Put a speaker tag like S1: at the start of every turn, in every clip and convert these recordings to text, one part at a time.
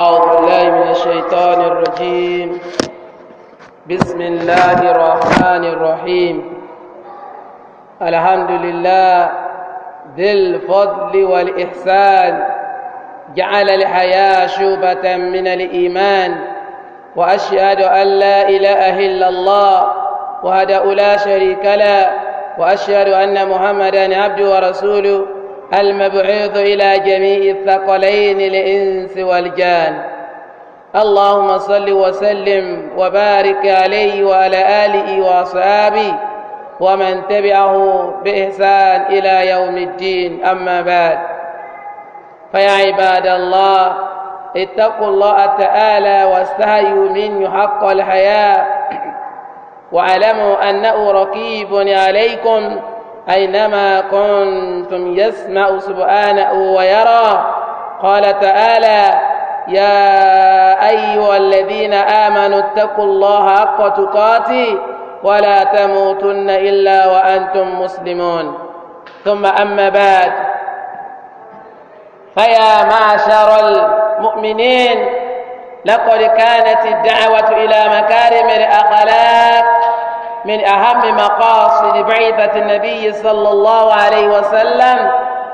S1: أعوذ بالله من الشيطان الرجيم بسم الله الرحمن الرحيم الحمد لله ذي الفضل والإحسان جعل الحياة شوبة من الإيمان وأشهد أن لا إله إلا الله وهدأ لا شريك له وأشهد أن محمدا عبده ورسوله المبعوث إلى جميع الثقلين الإنس والجان اللهم صل وسلم وبارك عليه وعلى آله وأصحابه ومن تبعه بإحسان إلى يوم الدين أما بعد فيا عباد الله اتقوا الله تعالى واستحيوا منه حق الحياة واعلموا أنه رقيب عليكم أينما كنتم يسمع سبحانه ويرى قال تعالى يا أيها الذين آمنوا اتقوا الله حق تقاته ولا تموتن إلا وأنتم مسلمون ثم أما بعد فيا معشر المؤمنين لقد كانت الدعوة إلى مكارم الأخلاق من أهم مقاصد بعثة النبي صلى الله عليه وسلم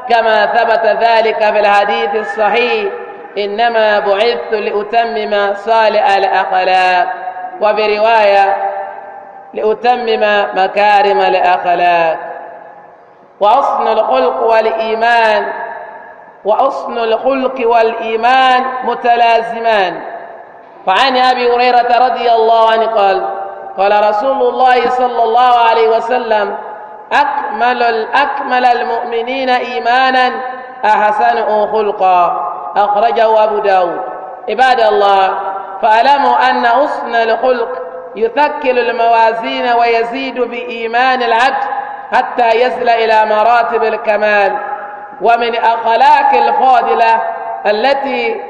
S1: كما ثبت ذلك في الحديث الصحيح إنما بعثت لأتمم صالح الأخلاق وبرواية لأتمم مكارم الأخلاق وحسن الخلق والإيمان وحسن الخلق والإيمان متلازمان فعن أبي هريرة رضي الله عنه قال قال رسول الله صلى الله عليه وسلم أكمل أكمل المؤمنين إيمانا أحسن خلقا أخرجه أبو داود عباد الله فاعلموا أن أصن الخلق يثكل الموازين ويزيد بإيمان العبد حتى يصل إلى مراتب الكمال ومن أخلاق الفاضلة التي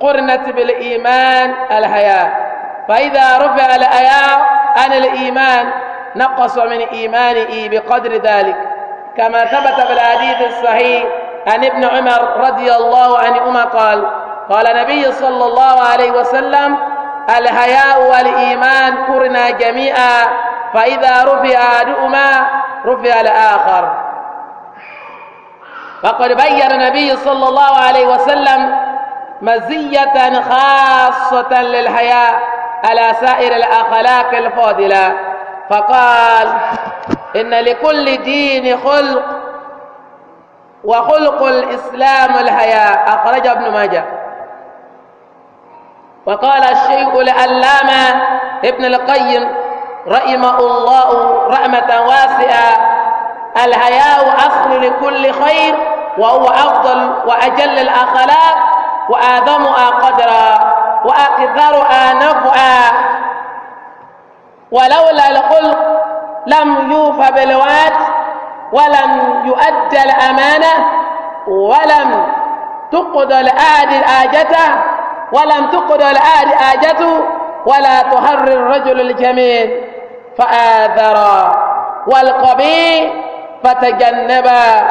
S1: قرنت بالإيمان الحياة فإذا رفع الأياء عن الإيمان نقص من إيمانه بقدر ذلك كما ثبت في الحديث الصحيح عن ابن عمر رضي الله عنهما قال قال النبي صلى الله عليه وسلم الحياء والإيمان قرنا جميعا فإذا رفع أحدهما رفع الآخر فقد بين النبي صلى الله عليه وسلم مزية خاصة للحياء على سائر الأخلاق الفاضلة فقال إن لكل دين خلق وخلق الإسلام الحياء أخرج ابن ماجه وقال الشيخ العلامة ابن القيم رحمه الله رحمة واسعة الحياء أصل لكل خير وهو أفضل وأجل الأخلاق وآدمها قدرا وأكثر نفعا ولولا الخلق لم يوفى بالوعد ولم يؤدى الأمانة ولم تقضى الآد آجته ولم تقضى الآد آجته ولا تهر الرجل الجميل فآذرا والقبيل فتجنبا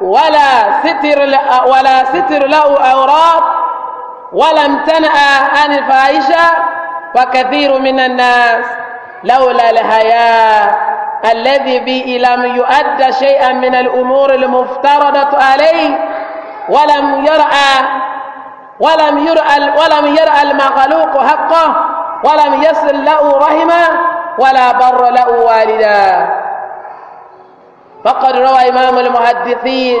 S1: ولا ستر ولا ستر له أوراق ولا امتنأ عن الفاحشة وكثير من الناس لولا الهياء الذي به لم يؤد شيئا من الأمور المفترضة عليه ولم يرأى ولم يرأى ولم يرأى المخلوق حقه ولم يصل له رحمه ولا بر له والدا فقد روى إمام المحدثين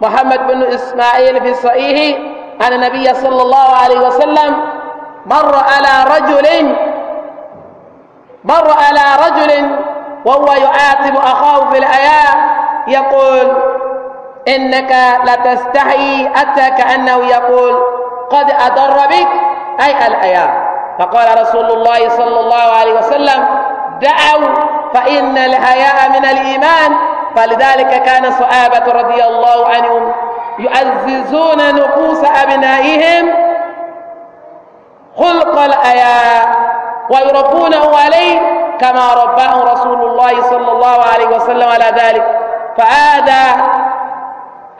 S1: محمد بن إسماعيل في صحيحه أن النبي صلى الله عليه وسلم مر على رجل مر على رجل وهو يعاتب أخاه في الحياة يقول إنك لتستحي أتى كأنه يقول قد أضر بك أي الحياة فقال رسول الله صلى الله عليه وسلم دعوا فإن الحياء من الإيمان فلذلك كان الصحابة رضي الله عنهم يعززون نفوس أبنائهم خلق الآياء ويربونه عليه كما رباه رسول الله صلى الله عليه وسلم على ذلك فهذا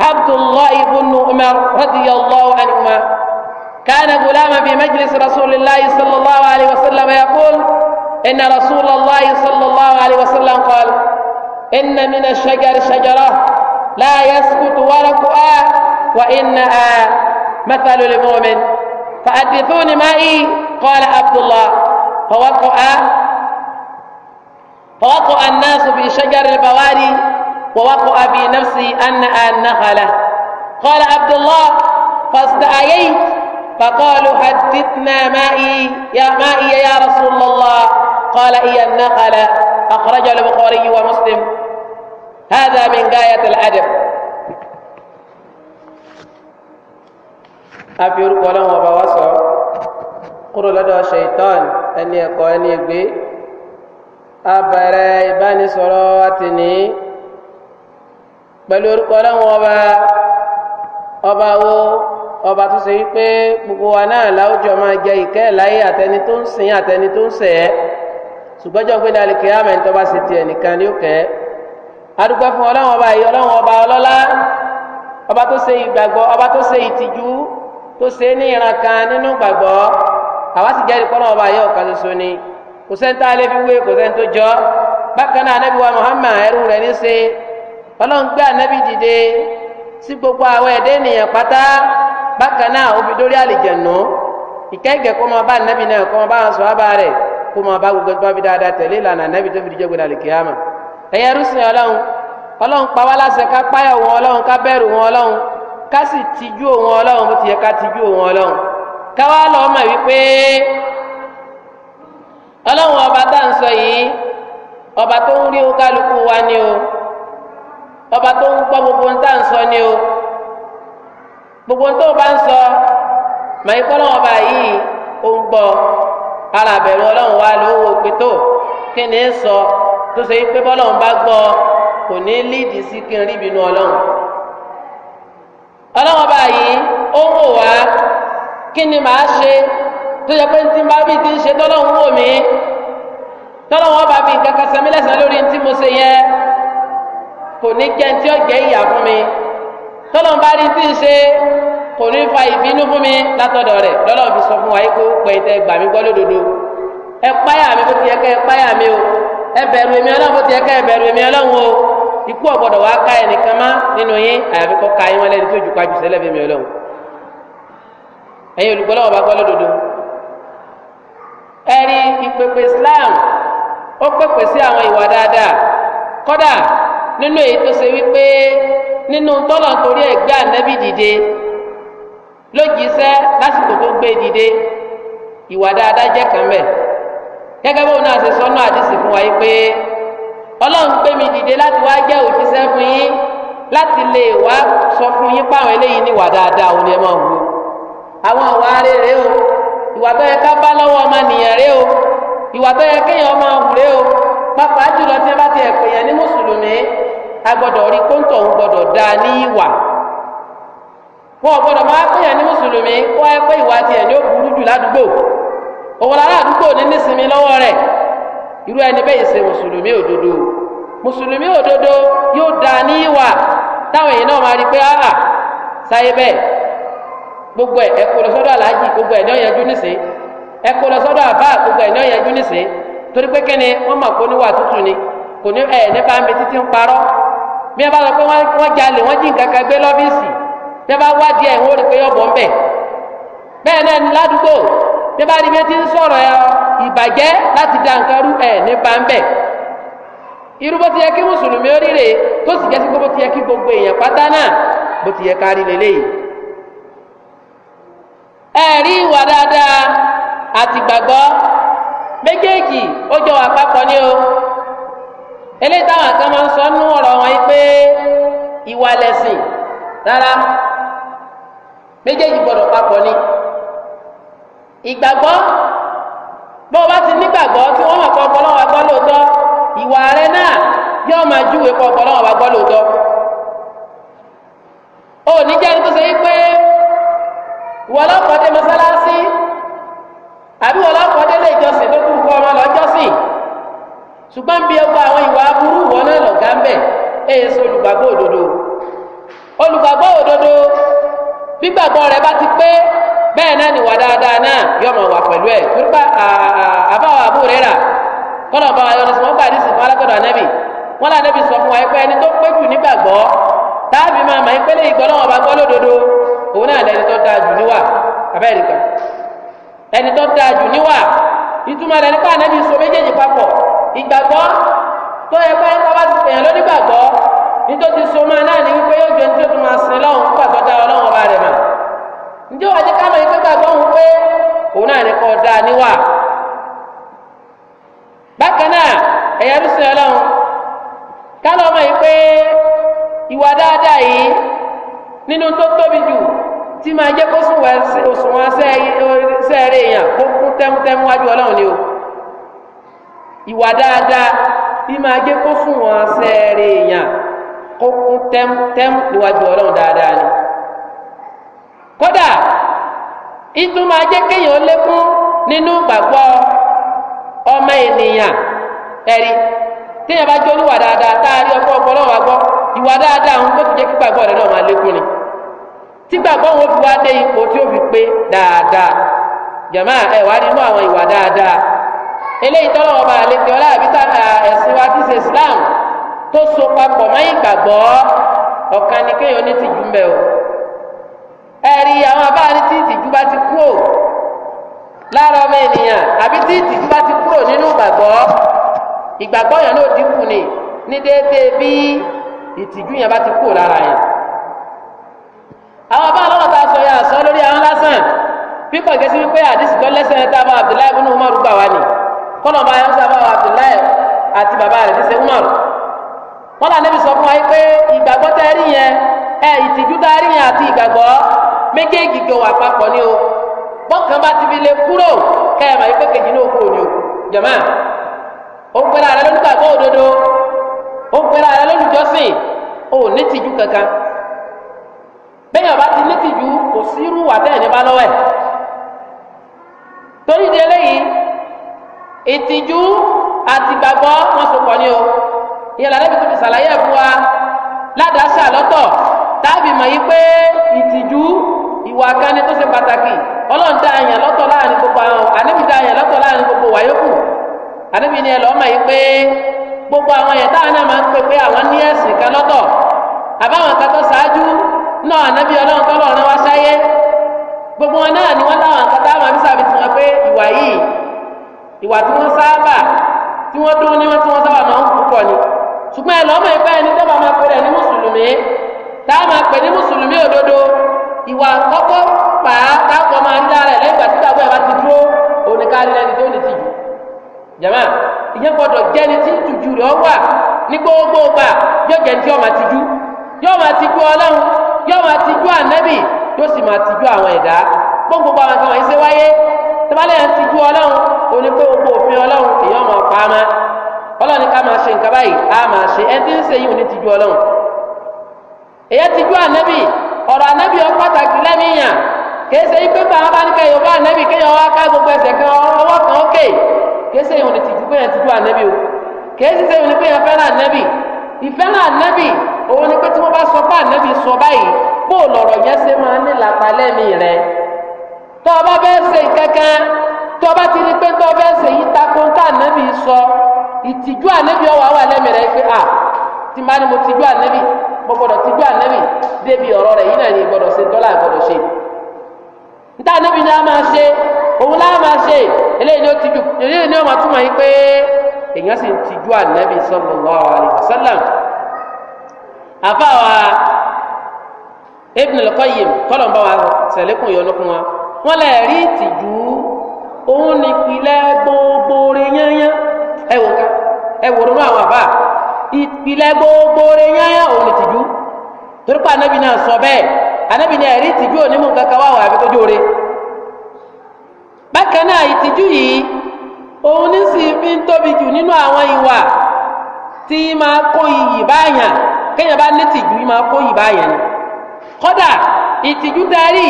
S1: عبد الله بن عمر رضي الله عنهما كان غلاما في مجلس رسول الله صلى الله عليه وسلم يقول إن رسول الله صلى الله عليه وسلم قال إن من الشجر شجرة لا يسكت ورقها وإنها مثل المؤمن فحدثوني مائي قال عبد الله فوقع فوقع الناس في شجر البوادي ووقع في نفسي أنها النخلة قال عبد الله فاستعييت فقالوا حدثنا مائي يا مائي يا رسول الله قال هي النخلة أخرجه البخاري ومسلم هذا من غاية الأدب أبي رقلا وبواسع قرر لدى الشيطان أن يقواني بي أبرا إباني صلواتني pẹ̀lú orúkọ ọlọ́run ọba ọba wo ọba tó ṣe wípé gbogbo wa náà láwùjọ máa jẹ ìkẹ́ láyé àtẹni tó ń sìn àtẹni tó ń sẹ̀ ẹ́ ṣùgbọ́n jọ́ pé dalẹ̀ kẹ́ àmẹ́ńtọ́ bá ṣe tiẹ̀ nìkan ni ó ẹ́. adúpẹ́ fún ọlọ́run ọba yìí ọlọ́run ọba ọlọ́lá ọba tó ṣe ìgbàgbọ́ ọba tó ṣe ìtìjú tó ṣe ní ìran kan nínú gbàgbọ́ àwa sì jẹ́rìí kọ́nà ọba yìí ọ̀kan ṣoṣo ni kò sẹ́ńtà alẹ́bíwé kò sẹ́ńtò jọ bákan náà anábì wa Muhammad ẹrú rẹ̀ ní ṣe ọlọ́run gbé anábì gbogbo àwọn ẹ̀dẹ́ ènìyàn pátá bákan náà dórí àlìjẹ̀nù kó máa bá anábì náà kó máa bá ẹ̀yẹ rúsìn ọlọ́run ọlọ́run pa wá láṣẹ ká páyà òun ọlọ́run ká bẹ̀rù òun ọlọ́run ká sì tijú òun ọlọ́run bó ti yẹ ká tijú òun ọlọ́run ká wá lọ mọ̀ wípé ọlọ́run ọba tá à sọ yìí ọba tó ń rí kálukú wa ni o ọba tó ń gbọ́ gbogbo tá à sọ ni o gbogbo tó o bá ń sọ màá kọ́ lọ́wọ́ ọba yìí ó ń gbọ́ ara àbẹ̀rù ọlọ́run wa ló pé tó kí ni sọ tó ṣe pé bọ́lọ́run bá gbọ́ kò ní lídìí sí kí n rí ìbínú ọlọ́run ọlọ́run ọba yìí ó wò wá kí ni màá ṣe tó yẹ pé tí n bá bí ti ń ṣe tọ́lọ́run wò mí tọ́lọ́run ọba fi nǹkan kan sẹ́mi lẹ́sàn-án lórí tí mo ṣe yẹ kò ní jẹ́ tí ó jẹ́ ìyà fún mi tọ́lọ́run bá rí tí ń ṣe kò ní fa ìbínú fún mi látọ̀dọ̀ rẹ̀ lọ́lọ́run fi sọ fún wa yìí kó pẹ́ tẹ lódodo. ẹ ya mi bó ti yẹ ká ẹ mi o ẹ bẹ̀rù ọlọ́run bó ti yẹ ká ẹ bẹ̀rù ọlọ́run o ikú ọ̀gbọ́dọ̀ wá ká ẹnìkan má nínú yín àyàfi kọ́ ka yín wọn lẹ́ni tí ó pa jù sẹ́lẹ̀ fẹ́mi ọlọ́run ẹ̀yin lọ́wọ́ bá gbọ́ ẹ̀rí ìpèpè Islam ó pèpè sí àwọn ìwà dáadáa kọ́dà nínú èyí tó ṣe wípé nínú tọ́lọ̀ torí ẹ̀ gbé dìde lásìkò gẹ́gẹ́ bóun náà ṣe sọ́nà àdìsí fún wa yìí pé ọlọ́run gbé mi dìde láti wá jẹ́ òjíṣẹ́ fún yín láti lè wá sọ fún yín páwọn eléyìí níwà dáadáa òun ni ẹ máa wù ú àwọn àwa rere o ìwà tó yẹ ká bá lọ́wọ́ ọmọnìyàn rẹ o ìwà tó yẹ kéèyàn máa wù rẹ o pàápàá jùlọ tí ẹ bá ti ẹ̀pẹ̀ yẹn ní mùsùlùmí a rí kóńtọ̀ òun gbọ́dọ̀ dáa ní ìwà wọn ò gbọ́dọ̀ máa pè yẹn ní mùsùlùmí kó ẹ pé ìwà tiẹ̀ ní ó burú ládùúgbò òwòlá aládùúgbò ní nísinmi lọ́wọ́ rẹ̀ irú ẹni bẹ́ẹ̀ ṣe mùsùlùmí òdodo mùsùlùmí òdodo yóò dá ní ìwà
S2: táwọn èèyàn náà máa rí pé áhà
S1: sáyé bẹ́ẹ̀ gbogbo ẹ̀ ẹ̀kọ́ lọ sọ́dọ̀ aláàjì gbogbo ẹ̀ ní ọ̀yẹ́jú nìṣe lọ sọ́dọ̀ àbá gbogbo ẹ̀ ní ọ̀yẹ́jú nìṣe torí pé kíni wọ́n mọ̀ kó níwà tútù ni kò ní ẹ̀ nípa mi bí bá rí bí ti ń sọ̀rọ̀ ẹ ìbàjẹ́ láti da nǹkan rú ẹ̀ nípa ń bẹ̀ irú bó ti yẹ kí mùsùlùmí ó ríre tó sì jẹ́ sí pé bó ti yẹ kí gbogbo èèyàn pátá náà bó ti yẹ ká rí ẹ̀rí ìwà dáadáa àti gbàgbọ́ méjèèjì ó jọ wà ní o eléyìí táwọn kan máa ń sọ nú ọ̀rọ̀ wọn pé ìwà lẹ̀sìn rárá méjèèjì gbọdọ̀ papọ̀ ní. ìgbàgbọ́ bó ọ bá ti nígbàgbọ́ tí wọ́n mọ̀ kọ́ ọgbọ́lọ́wọ́ lóòótọ́ ìwà rẹ náà yóò máa júwe kọ́ ọgbọ́lọ́wọ́ agbọ́ lóòótọ́ o ní jẹ́ ní tó ṣe pé ìwọ mọ́sálásí àbí lè tó kọ́ ọmọ lọ jọ́sìn ṣùgbọ́n bí àwọn bẹ́ẹ̀ náà ni wà dáadáa náà yọ ọmọ wà pẹ̀lú ẹ̀ torípa àbáwọ̀ àbú rẹ̀ rà kọ́nà bá wa yọ lọ́sùn wọ́n gbà ní sìnkú alágbọ̀dọ̀ ànábì wọ́n là nábì sọ fún wa pé ẹni tó pé jù nígbàgbọ́ táàbì máa mà ń pélé ìgbọ́ náà wọ́n bá gbọ́ lódodo òun náà lẹni tó dáa jù níwà abẹ́rẹ́ kan ẹni tó dáa jù níwà ìtumọ̀ rẹ̀ nípa ànábì sọ méjèèjì papọ̀ ìgbàgbọ́ tó yẹ pé ẹni tó bá ti pèèyàn lónígbàgbọ́ nítorí so máa náà ní wípé yóò jẹun tó tún máa sin lọ́hùn pàtó dá ọlọ́run ọba rẹ̀ mà ǹjẹ́ wàá jẹ́ ká mọ̀ ìgbé gbàgbọ́ òun pé òun náà ní kọ́ da níwà bákan náà ẹ̀yà bí sìn ọlọ́run ká lọ́ mọ̀ yìí pé ìwà dáadáa yìí nínú tó tóbi jù tí máa jẹ́ kó sùn wá sẹ́ẹ̀rẹ́ èèyàn kó kún tẹ́mútẹ́mú wájú ọlọ́run ni o ìwà dáadáa bí máa jẹ́ kó sùn wá sẹ́ẹ̀rẹ́ èèyàn kó kún tẹ́mútẹ́mú níwájú ọlọ́run dáadáa ni. kódà ìtún máa jẹ́ kéèyàn lékún nínú gbàgbọ́ ọmọ ènìyàn ẹ̀rí téèyàn bá jó níwà dáadáa tá a rí ọkọ ọpọlọ wa gbọ́ ìwà dáadáa òun tó kí náà máa lékún ni tí wọn fi wá dé ipò tí ó fi pé dáadáa wá nínú àwọn ìwà dáadáa eléyìí tọ́lọ́ ọba àlejò ẹ̀sìn ti ṣe Islam tó so papọ̀ mọ́ ìgbàgbọ́ ọ̀kan ni kéèyàn ní tìjú o. ẹ̀rí àwọn abáni tí ìtìjú bá ti kúrò lára ọmọ ènìyàn àbí tí ìtìjú bá ti kúrò nínú ìgbàgbọ́ ìgbàgbọ́ yẹn ló dínkù ni ní déédéé bí ìtìjú yẹn bá ti kúrò lára yẹn. àwọn abáni lọ́wọ́ ta sọ yẹn àsọ lórí àwọn lásán pípọ̀ ìgbésí wípé àdìsí tó lẹ́sẹ̀ a tábà Abdullahi ibn Umar gbà wá ni kọ́nà bá yẹn ń sábà Abdullahi àti bàbá rẹ̀ ti ṣe Umar wọn là níbi sọ fún wa yìí pé ìgbàgbọ́ tẹ́ rí yẹn ẹ ìtìjú tá rí yẹn àti ìgbàgbọ́ méjèèjì jọ wà papọ̀ ni o bọ́kàn bá ti fi lè kúrò kẹ́ẹ̀mà yìí pé kejì náà kúrò o jàmá ó ń pẹ́rẹ́ ààrẹ lólùgbàgbọ́ òdodo ó ń pẹ́rẹ́ ààrẹ lólùjọ́sìn ó ní tìjú kankan bẹ́ẹ̀ ọba ti ní tìjú kò sí irú wà tẹ́ẹ̀ ní bá lọ́wọ́ ẹ̀ torí di eléyìí ìtìjú àti gbàgbọ́ wọn so pọ̀ ni o ìyẹn làdẹ́bí tó fi ṣàlàyé ẹ̀ wa ládàá ṣàlọ́tọ̀ tábìmọ̀ yìí pé ìtìjú ìwà kání tó ṣe pàtàkì ọlọ́run dá àyàn lọ́tọ̀ láàrin gbogbo àwọn ànábì dá àyàn lọ́tọ̀ láàrin gbogbo wàyókù ànábì ni ẹlọ́mọ yìí pé gbogbo àwọn yẹn táwọn náà máa ń pè pé àwọn ní ẹ̀sìn kan lọ́tọ̀ àbáwọn kan tó ṣáájú náà ànábì ọlọ́run tó lọ́run wá sáyé gbogbo wọn náà ni wọ́n láwọn kan táwọn àbí sàbí tiwọn pé ìwà yìí ìwà tí wọ́n sábà tí wọ́n dún ní tí wọ́n sábà máa ń púpọ̀ ni ṣùgbọ́n ẹlọ́mọ ìgbà ẹni tó bá máa pè rẹ̀ ní mùsùlùmí táwọn máa pè ní mùsùlùmí òdodo ìwà àkọ́kọ́ pàá táwọn máa ń dára ẹ̀ lẹ́gbàá tí gbàgbọ́ ẹ̀ bá ti dúró òun ni ká ní ẹni tó ní tìjú jama ìyẹn gbọ́dọ̀ jẹni tí tìjú rẹ̀ wà ní gbogbo gbà yóò jẹ tí yóò máa tìjú yóò máa tìjú Ọlọ́run yóò máa tìjú ànẹbì yóò sì máa tìjú àwọn ẹ̀dá gbogbo àwọn kan wọ̀nyí ṣe wáyé tẹmálẹ ń tìjú Ọlọ́run òun ni pé gbogbo òfin Ọlọ́run èèyàn máa pa á máa Ọlọ́run ni ká máa ṣe nǹkan báyìí á máa ṣe ẹni tí ń ṣe yìí òun ni tìjú Ọlọ́run èèyàn tìjú ànẹbì ọ̀rọ̀ anábì ọ pàtàkì lẹ́mìíyàn kìí ṣe yí pé bá a bá ní kẹyọ bá anábì kéèyàn wá ká gbogbo ẹsẹ̀ kan ọwọ́ kan ókè kìí ṣe ìhùn tìjú pé yẹn ti dú anábì o kìí ṣe ìhùn pé yẹn fẹ́ràn anábì ìfẹ́ràn anábì òun ni pé tí wọ́n bá sọ pé anábì sọ báyìí bó lọ̀rọ̀ yẹn ṣe máa ní làpá lẹ́mí rẹ tó o bá bẹ́ẹ̀ ṣe kankan tó o bá ti rí pé tó o bẹ́ẹ̀ ṣe yí takò tá anábì sọ ìtìjú anábì ọwọ́ àwọn alámì rẹ pé à tìmánu mo tìjú anábì mo gbọ́dọ̀ ti gbé ànẹ́bì débi ọ̀rọ̀ rẹ̀ yìí náà ni gbọ́dọ̀ ṣe dọ́là gbọ́dọ̀ ṣe níta ànẹ́bì náà máa ṣe òun láà máa ṣe eléyìí ni ó ti ju eléyìí ni ó máa túmọ̀ yìí pé èèyàn sì ń ti ju ànẹ́bì sallallahu alaihi wasallam àfáwa Ibn al-Qayyim kọ́lọ̀mbá wa sẹ̀lẹ́kùn yọnu fún wa wọ́n lè rí ìtìjú òun nìpìlẹ̀ gbogbo rẹ̀ yányán ẹ̀wò ẹ̀wòrán àwọn àbá ìpìlẹ̀ gbogbo rẹ̀ yáyà òun ni tìjú torí pé anabi náà sọ bẹ́ẹ̀ anabi náà ẹ̀rí tìjú onímù kankan wà wà àbí kójú rẹ̀ bákan náà ìtìjú yìí òun ní sì fi ń tóbi jù nínú àwọn ìwà tí máa kó iyì báyàn kéèyàn bá ní tìjú máa kó iyì báyàn ni kódà ìtìjú darí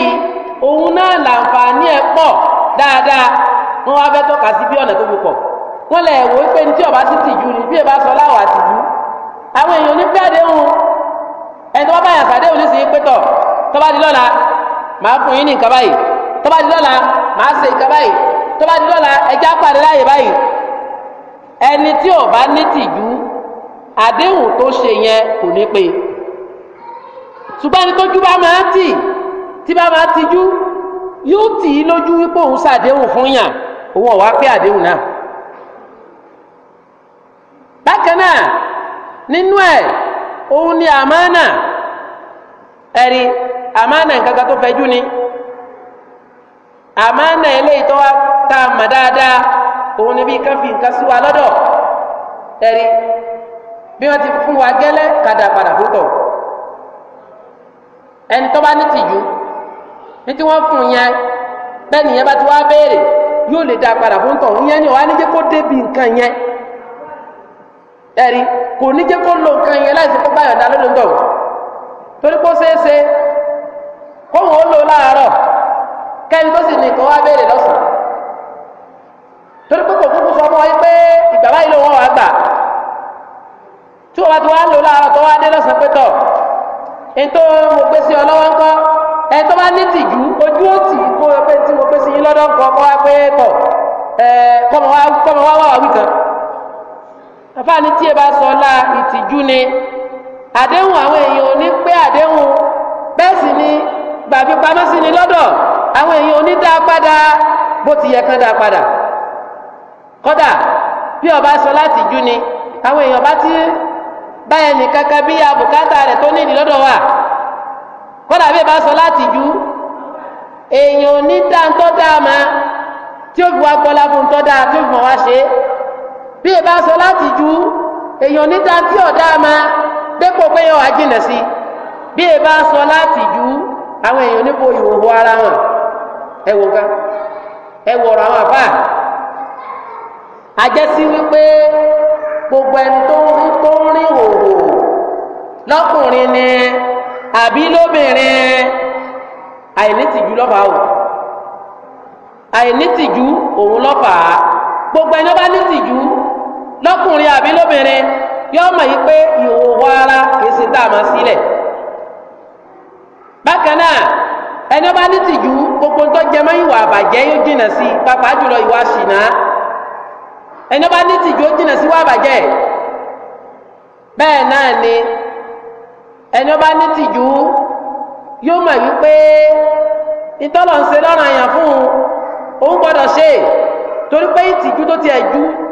S1: òun náà làǹfààní ẹ̀ pọ̀ dáadáa wọn wá fẹ́ tọ́ka sí bí ọ̀nà tó fi wọ́n lẹ̀ wò pé ní tí ọba sì tìjú ni bí ẹ bá sọ láwọ̀ àtìjú àwọn èèyàn ní pé àdéhùn ẹni tó bá bá yàn sàdéhùn nísìnyí pé tọ̀ tó bá di lọ́la màá fún yín ní nǹkan báyìí tó bá di lọ́la màá ṣe nǹkan báyìí tó bá di lọ́la ẹja pàdé láàyè báyìí ẹni tí ọba ní tìjú àdéhùn tó ṣe yẹn kò ní pé ṣùgbọ́n ẹni tójú bá máa tì tí bá máa tijú yóò tì í lójú wípé òun ṣàdéhùn fún yàn òun ọ̀wá pé àdéhùn náà bákan náà nínú ẹ̀ òun ni àmánà ẹ̀rí àmánà nǹkan kan tó fẹjú ni àmánà eléyìí tó wá tá a mọ̀ dáadáa òun ni bí ká fi nǹkan sí wa lọ́dọ̀ ẹ̀rí bí wọ́n ti fún wa gẹ́lẹ́ kàdà padà fún ẹni tó bá ní tìjú ní tí wọ́n fún yẹn bẹ́ẹ̀ nìyẹn bá ti wá béèrè yóò lè dá padà fún yẹn ni wọ́n á ní jẹ́ kó débi nǹkan yẹn ẹ̀rí kò ní jẹ́ kó lo nǹkan yẹn láì sí kó báyọ̀ dá lónìí tó torí kó ṣeé ṣe kó wọn ó lò láàárọ̀ kẹ́ni tó sì ní kó wá béèrè lọ́sàn-án torí pé kò kúkú sọ fún ọ pé ìgbà báyìí ló wọ́n wá gbà tí wọ́n bá ti wá lò láàárọ̀ tó wá dé lọ́sàn-án pé tọ̀ ètò mo gbé sí ọ lọ́wọ́ ńkọ́ ẹ tó bá ní tìjú ojú ó tì kó o pé tí mo gbé sí yín lọ́dọ̀ ńkọ́ kọ́ wá pé tọ̀ ẹ kọ́mọ wá wá wá wí kan àfáàní tí ba bá sọ ọlá ìtìjú ni àdéhùn àwọn èèyàn ò ní pé àdéhùn bẹ́ẹ̀ sì ni gbàgbé pamọ́ sí ni lọ́dọ̀ àwọn èèyàn ò ní dá padà bó ti yẹ kán dá padà kódà bí ọba sọ láti jú ni àwọn èèyàn bá ti báyẹn nìkan bí abùkátà rẹ̀ tó nídìí lọ́dọ̀ wa kódà bí ọba sọ láti jú èèyàn ò ní dá ń tọ́ dáa ma tí ó fi wá gbọ́lá fún un tọ́ dáa tí ó fi mọ̀ wá ṣe é bí ẹ bá sọ láti ju èèyàn níta tí ọ̀dá ma dépò pé yọ àjìnà sí bí ẹ bá sọ láti ju àwọn èèyàn níbo ìhòòhò ara wọn ẹ wò ká ẹ wọ̀rọ̀ àwọn àfà àjẹsí wípé gbogbo ẹni tó ń tó ń rìn hòhò lọ́kùnrin ni àbí lóbìnrin àìnítìjú lọ́fà o àìnítìjú òun lọ́fà gbogbo ẹni ó bá nítìjú lọ́kùnrin àbí lóbìnrin yóò mọ̀ yìí pé ìhòòhò ara kìí ṣe tá a máa sílẹ̀ bákan náà ẹni ọba ní tìjú gbogbo ń tọ́jẹ mọ́ ìwà àbàjẹ́ yóò jìnà sí i pàápàá jùlọ ìwà ṣìnà ẹni ọba ní tìjú ó jìnà sí ìwà àbàjẹ́ bẹ́ẹ̀ náà ni ẹni ọba ní tìjú yóò mọ̀ wípé ìtọ́lọ̀ ń ṣe lọ́ràn àyàn fún òun gbọ́dọ̀ ṣe torí pé ìtìjú tó ti ẹ̀ ju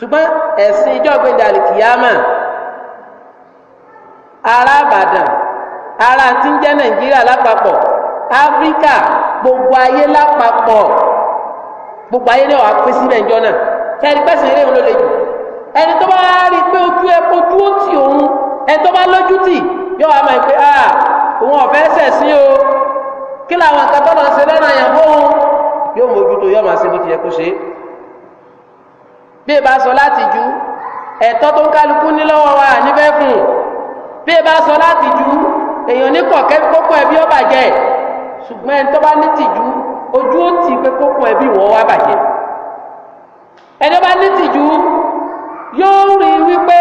S1: ṣùgbọ́n ẹ̀sìn ìjọ gbẹ̀dẹ̀ àlìkìyàmà ará àbàdàn ará tí ń jẹ́ nàìjíríà lápapọ̀ áfíríkà gbogbo ayé lápapọ̀ gbogbo ayé náà wà pé sí nàìjọ náà kẹ́ni pẹ́sìn eré òun ló le jù ẹni tó bá rí i pé ojú ẹ ojú ó tì òun ẹni tó bá lójú tì yóò wá máa pé a òun ọ̀fẹ́ sẹ̀sìn o kí làwọn akẹ́kọ̀ọ́ náà ṣe lọ́nà àyànfó òun yóò mójútó yóò máa ṣe bó ti yẹ kó ṣe é bí ẹ bá sọ láti ju ẹ̀tọ́ tó ń kálukú ní lọ́wọ́ wa níbẹ̀ fún bí ẹ bá sọ láti ju èèyàn ní kọ̀kẹ́ kókó ẹbí ó bàjẹ́ ṣùgbọ́n ẹni tó bá ní tìjú ojú ó ti pé kókó ẹbí wọ́n wá bàjẹ́ ẹni bá ní tìjú yóò rí wípé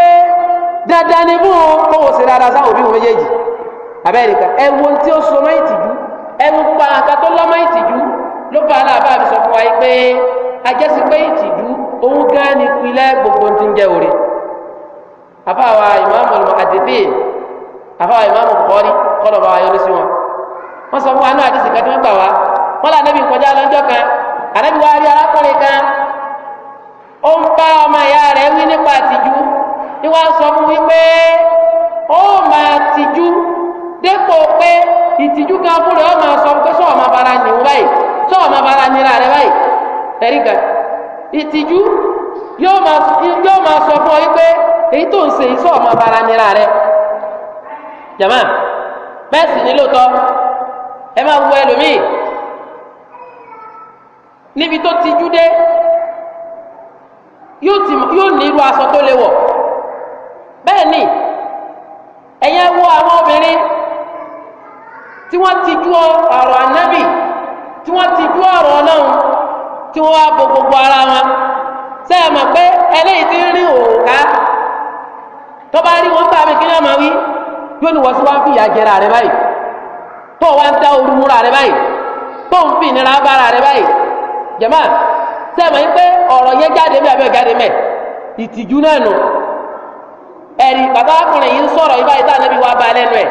S1: dandan ni fún owó sí rárá sáwọn òbí wọn méjèèjì abẹ́ẹ̀ríkà ẹ̀wọ̀n tí ó so mọ́ ìtìjú ẹ̀wọ̀n pa àkàtọ́ lọ́mọ ìtìjú ló bá aláàbá mi sọ fún wa yìí pé ajẹ́sí pé ìtìjú òun gan ni pilẹ̀ gbogbo ti ń jẹ́ orí afáwa ìmáàmù àdìbí afáwa ìmáàmù kọ́rí kọ́lọ̀ bá wa yọrí sí wọn wọ́n sọ fún wa ní àdìsí kan tí wọ́n gbà wá wọ́n là nẹ́bí kọjá kan ànábì wa rí arákùnrin kan ó ń bá ọmọ ìyá rẹ̀ wí nípa àtijú ni wọ́n sọ fún wípé ó máa tijú dépò pé ìtìjú kan fún rẹ̀ ó máa sọ pé sọ́ọ̀ máa bára nìwọ́ báyìí sọ́ọ̀ máa bára nira rẹ̀ báyìí ẹ̀rí gan ìtìjú yóò máa sọ fún ọ yí pé èyí tó ń ṣe iṣẹ́ ọmọ bara nira rẹ jama bẹ́ẹ̀ sì ni lóòótọ́ ẹ máa wọ ẹlòmíì níbi tó tijú dé yóò ní irú aṣọ tó lè wọ̀ bẹ́ẹ̀ ni ẹ̀yẹ wọ àwọn obìnrin tí wọ́n tijú ọ̀rọ̀ ànábì tí wọ́n tijú ọ̀rọ̀ ọlọ́run tí wọ́n wá bo gbogbo ara wọn ṣé ẹ mọ̀ pé eléyìí ti ń rí òòká tó bá rí wọn bá mi kí ni ọmọ wí yóò ní wọ́n ti wá ń fìyà jẹra rẹ báyìí tó wá ń dá oru múra rẹ báyìí tó ń fi ìnira bára rẹ báyìí jẹ̀mọ́ ṣé ẹ mọ̀ yín pé ọ̀rọ̀ yẹn jáde mẹ́ àbẹ́ jáde mẹ́ ìtìjú náà nù ẹ̀rí bàbá akùnrin yìí ń sọ̀rọ̀ yìí báyìí tá ànábi wá ba lẹ́nu ẹ̀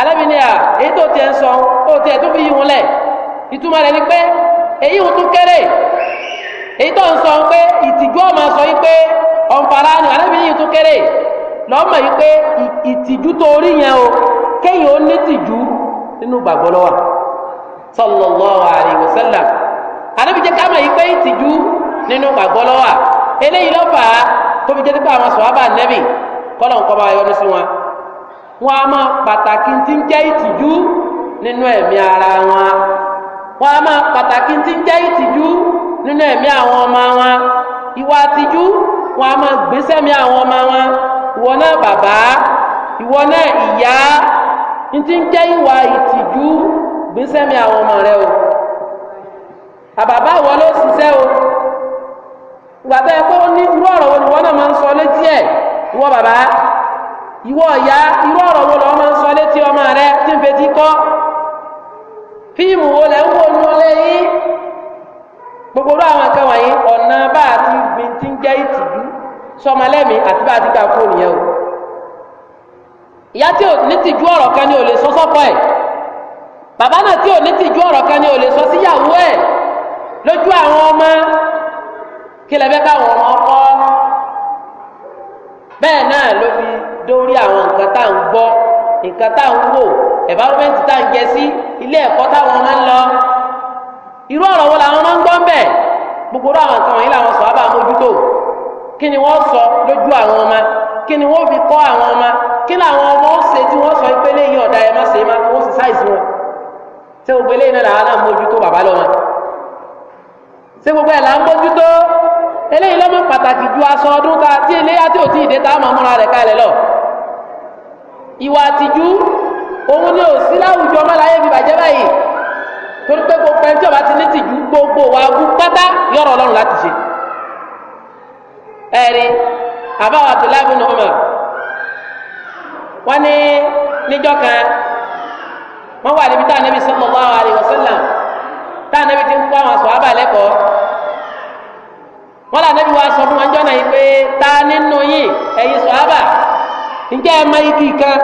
S1: alábi ni à èyí tó tiẹ̀ ń sọ ó tiẹ̀ tó fi yí wọn lẹ̀ ìtumọ̀ rẹ̀ ni pé èyí ò tún kéré èyí tó ń sọ pé ìtìjú ọmọ sọ yìí pé ọ̀nfàrà ni àlẹ́ yìí tún kéré lọ́mọ yìí pé o kéèyàn ó ní tìjú nínú gbàgbọ́ lọ́wọ́ sallallahu alaihi wasallam àlẹ́ jẹ́ ká mọ̀ yìí pé ìtìjú nínú gbàgbọ́ lọ́wọ́ eléyìí lọ́fà tó fi jẹ́ pé àwọn nẹ́bì kọ́lọ̀ ń yọ sí wọn wọn a ara wọn. wọn a máa pàtàkì tí ń jẹ́ ìtìjú nínú ẹ̀mí àwọn ọmọ wọn ìwà àtìjú wọn a máa gbèsè mi àwọn ọmọ wọn ìwọ náà bàbá ìwọ náà ìyá ntí ń jẹ́ ìwà ìtìjú gbèsè mi àwọn ọmọ rẹ o àbàbá wọn ló ṣiṣẹ́ o ìgbà tó yẹ pé ó ní irú ọ̀rọ̀ wo ni wọn náà máa ń sọ létí ẹ̀ ìwọ bàbá ìwọ ìyá irú ọ̀rọ̀ wo lọ́wọ́ máa ń sọ létí ọmọ rẹ tí ń fetí kọ́ fíìmù wo lẹ ń wò ní ọlẹ yín gbogbo bá àwọn nǹkan wọ̀nyí ọ̀nà bá a ti gbin ti ń jẹ́ ìtìjú sọmọlẹ́mí àti bá a ti gbà kú nìyẹn o ìyá tí ò ní tìjú ọ̀rọ̀ kan ni ò lè sọ sọ́kọ ẹ̀ bàbá náà tí ò ní tìjú ọ̀rọ̀ kan ni ò lè sọ síyàwó ẹ̀ lójú àwọn ọmọ kí káwọn ọmọ bẹ́ẹ̀ náà ló fi dórí àwọn nǹkan tá à ń gbọ́ nǹkan tá à ń wò environment tá à ń jẹ sí ilé ẹ̀kọ́ táwọn máa ń lọ irú ọ̀rọ̀ wo làwọn máa ń gbọ́ ń bẹ̀ gbogbo àwọn nǹkan wọ̀nyí làwọn sọ àbá mójútó kí ni wọ́n sọ lójú àwọn ọmọ kí ni wọ́n fi kọ́ àwọn ọmọ kí ni àwọn ọmọ ó ṣe tí wọ́n sọ pé léyìn ọ̀dà ẹ̀ má ṣe má kí wọ́n sì sáìsì wọn ṣé gbogbo eléyìí náà làwọn náà mójútó bàbá lọ́wọ́ ṣé gbogbo ẹ̀ là ń mójútó eléyìí lọ́mọ pàtàkì ju aṣọ ọdún ká tí eléyà tí ò tí ì dé tá a múra rẹ̀ kalẹ̀ lọ ìwà àtijú òun ni ò sí láwùjọ ọmọláyé fi bàjẹ́ báyìí torí pé gbogbo ẹni tí ọba ti ní tìjú gbogbo wa bú pátá yọrọ Ọlọ́run láti ṣe ẹ̀rí àbáwọ Abdullahi bin Umar wọn ní níjọ́ kan wọn wà níbi tá ànábi sallallahu alaihi wasallam tá ànábi ti ń kó àwọn sọ̀hábà lẹ́kọ̀ọ́ wọn là ànábi wa sọ fún wọn jọ́nà yìí pé ta nínú yìí ẹ̀yin sọ̀hábà ǹjẹ́ ẹ mọ igi kan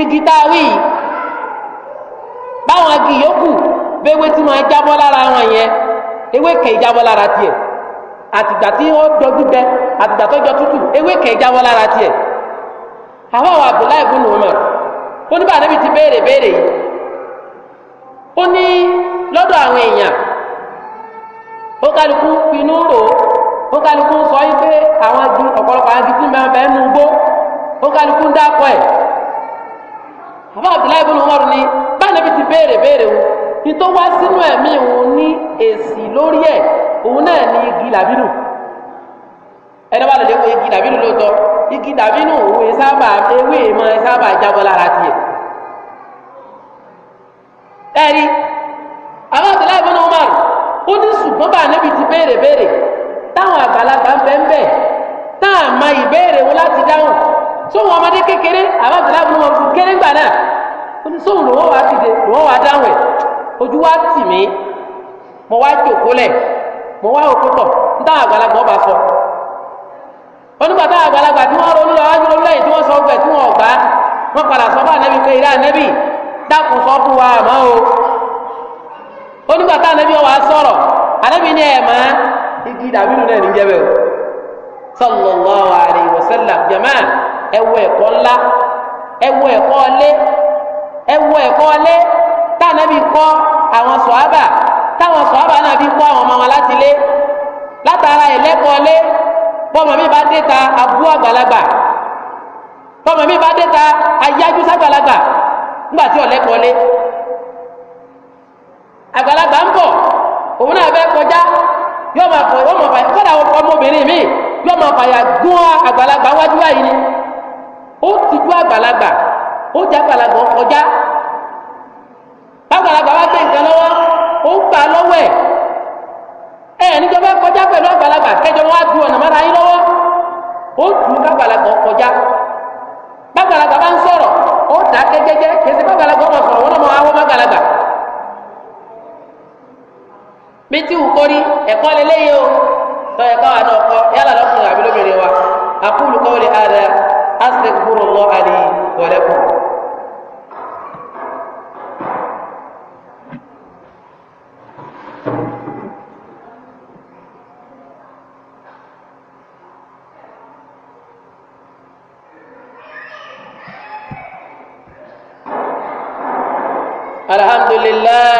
S1: igi tá a wí yìí báwọn igi yòókù bẹ́wé tí máa jábọ́ lára wọn yẹn ewé kẹ̀ jábọ́ lára tiẹ̀ àtìgbà tí wọ́n dọ́jú bẹ́ àtìgbà tó jọ tútù ewé kẹ̀ jábọ́ lára tiẹ̀ àwọn àwọn Abdullahi ibn Umar ó ní bàdé mi ti béèrè béèrè yìí ó ní lọ́dọ̀ àwọn èèyàn ó kálukú finú rò ó kálukú sọ yìí pé àwọn igi ọ̀pọ̀lọpọ̀ àwọn igi tí máa bẹ́ẹ̀ nu gbó ó kálukú ń dákọ̀ ẹ̀
S2: àbá Abdullahi ibn Umar ni báyìí níbi ti béèrè
S1: béèrè wọn ní tó wá sínú ẹ̀mí òun ní èsì lórí ẹ̀ òun náà ní igi làbínú ẹni wà lóde wo igi dàbínú lóòótọ́ igi dàbínú òwe sábà ewé mọ́ sábà jábọ́ lára tiẹ̀. ẹ̀rí àwọn àtẹlẹ́ ìbọn ọmọ ó ní ṣùgbọ́n bá níbi ti béèrè béèrè táwọn àgbàlagbà ń bẹ́ẹ̀ bẹ́ẹ̀ táà máa ìbéèrè wọn láti dáhùn. ọmọdé kékeré àbá abdullahi ibn umar kéré gbà náà ó ní sóhun ti wá lòwọ́ wá dáhùn ẹ̀ ojú wa tì mí mo wá jòkó lẹ̀ mo wá òkú tọ̀ ọba sọ táwọn àgbàlagbà tí ronú tí sọ tí padà sọ pé ilé anabi dákun sọ fún wa àmọ́ o onígbà táwọn o ẹwọ ẹ̀kọ́ ńlá ẹwọ ẹ̀kọ́ ọlé ẹwọ ẹ̀kọ́ ọlé tànàbí kọ́ àwọn sọ̀hábà táwọn sọ̀hábà náà bí kọ́ àwọn ọmọ wọn láti lé látara ẹ̀lẹ́kọ́ ọlé bọ́mọ mi bá dé ta abú àgbàlagbà bọ́mọ mi bá dé ta ayájú sàgbàlagbà ńgbà tí ọ̀lẹ́kọ́ ọlé àgbàlagbà ń bọ̀ òun náà fẹ́ kọjá yọmọ àpò yọmọ àpò kọ́dà ọmọbìnrin mi yọmọ àpàyà gún àgbàlagbà wájú báyìí ni ó ti ju àgbàlagbà ó jẹ àgbàlagbà ọkọjá àgbàlagbà wa gbé nǹkan lọ́wọ́ ó ń gbà lọ́wọ́ ẹ̀ ẹ̀ níjọba kọjá pẹ̀lú àgbàlagbà kẹjọ wọn á du ọ̀nà mọ́ra yín lọ́wọ́ ó dùn ún kágbàlagbà ọkọjá bàgbàlagbà bá ń sọ̀rọ̀ ó dákẹ́ jẹ́jẹ́ kèsì bàgbàlagbà ọmọ sọ̀rọ̀ wọn lọ́mọ àwọn bàgbàlagbà bí tí wù kórí ẹ̀kọ́ lélẹ́yìí o tọ́ ẹ̀kọ́ àwọn ọkọ yálà lọ́kùnrin àbí lóbìnrin wa àkúlù kọ́wé أستغفر الله لي
S2: ولكم الحمد لله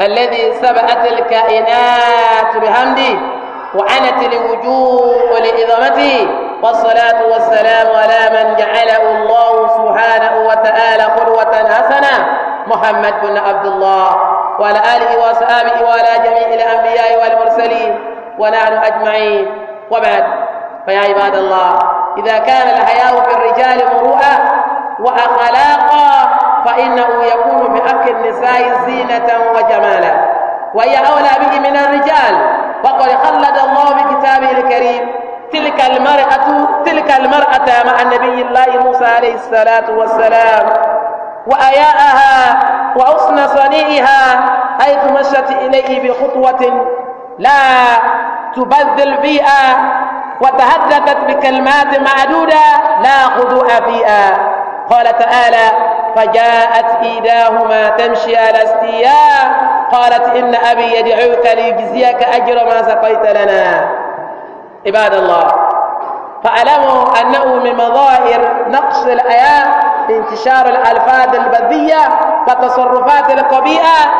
S1: الذي سبأت الكائنات بحمده وعنت الوجوه لعظمته والصلاة والسلام على من جعله الله سبحانه وتعالى قدوة حسنة محمد بن عبد الله وعلى آله وأصحابه وعلى جميع الأنبياء والمرسلين ونحن أجمعين وبعد فيا عباد الله إذا كان الحياء في الرجال مروءة وأخلاقا فإنه يكون في حق النساء زينة وجمالا وهي أولى به من الرجال وقد خلد الله بكتابه الكريم تلك المرأة تلك المرأة مع نبي الله موسى عليه الصلاة والسلام وأياءها وحسن صنيعها حيث مشت إليه بخطوة لا تبذل بيئة وتهددت بكلمات معدودة لا خضوع فيها قال تعالى فجاءت إيداهما تمشي على استياء قالت إن أبي يدعوك ليجزيك أجر ما سقيت لنا عباد الله فاعلموا انه من مظاهر نقص الآيات انتشار الالفاظ البذيه والتصرفات القبيحه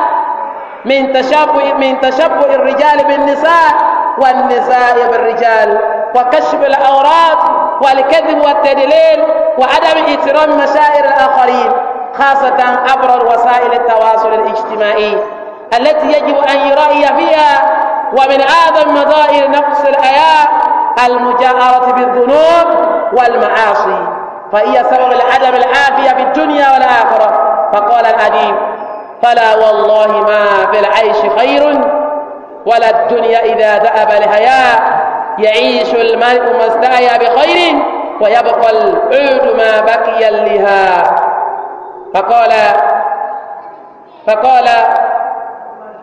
S1: من تشبه من تشبه الرجال بالنساء والنساء بالرجال وكشف الاوراق والكذب والتدليل وعدم احترام مشاعر الاخرين خاصه عبر وسائل التواصل الاجتماعي التي يجب ان يراعي فيها ومن أعظم مظاهر نقص الحياء المجاهرة بالذنوب والمعاصي فهي سبب العدم العافية في الدنيا والآخرة فقال الأديب فلا والله ما في العيش خير ولا الدنيا إذا ذهب الحياء يعيش المرء ما استعيا بخير ويبقى العود ما بقي لها فقال فقال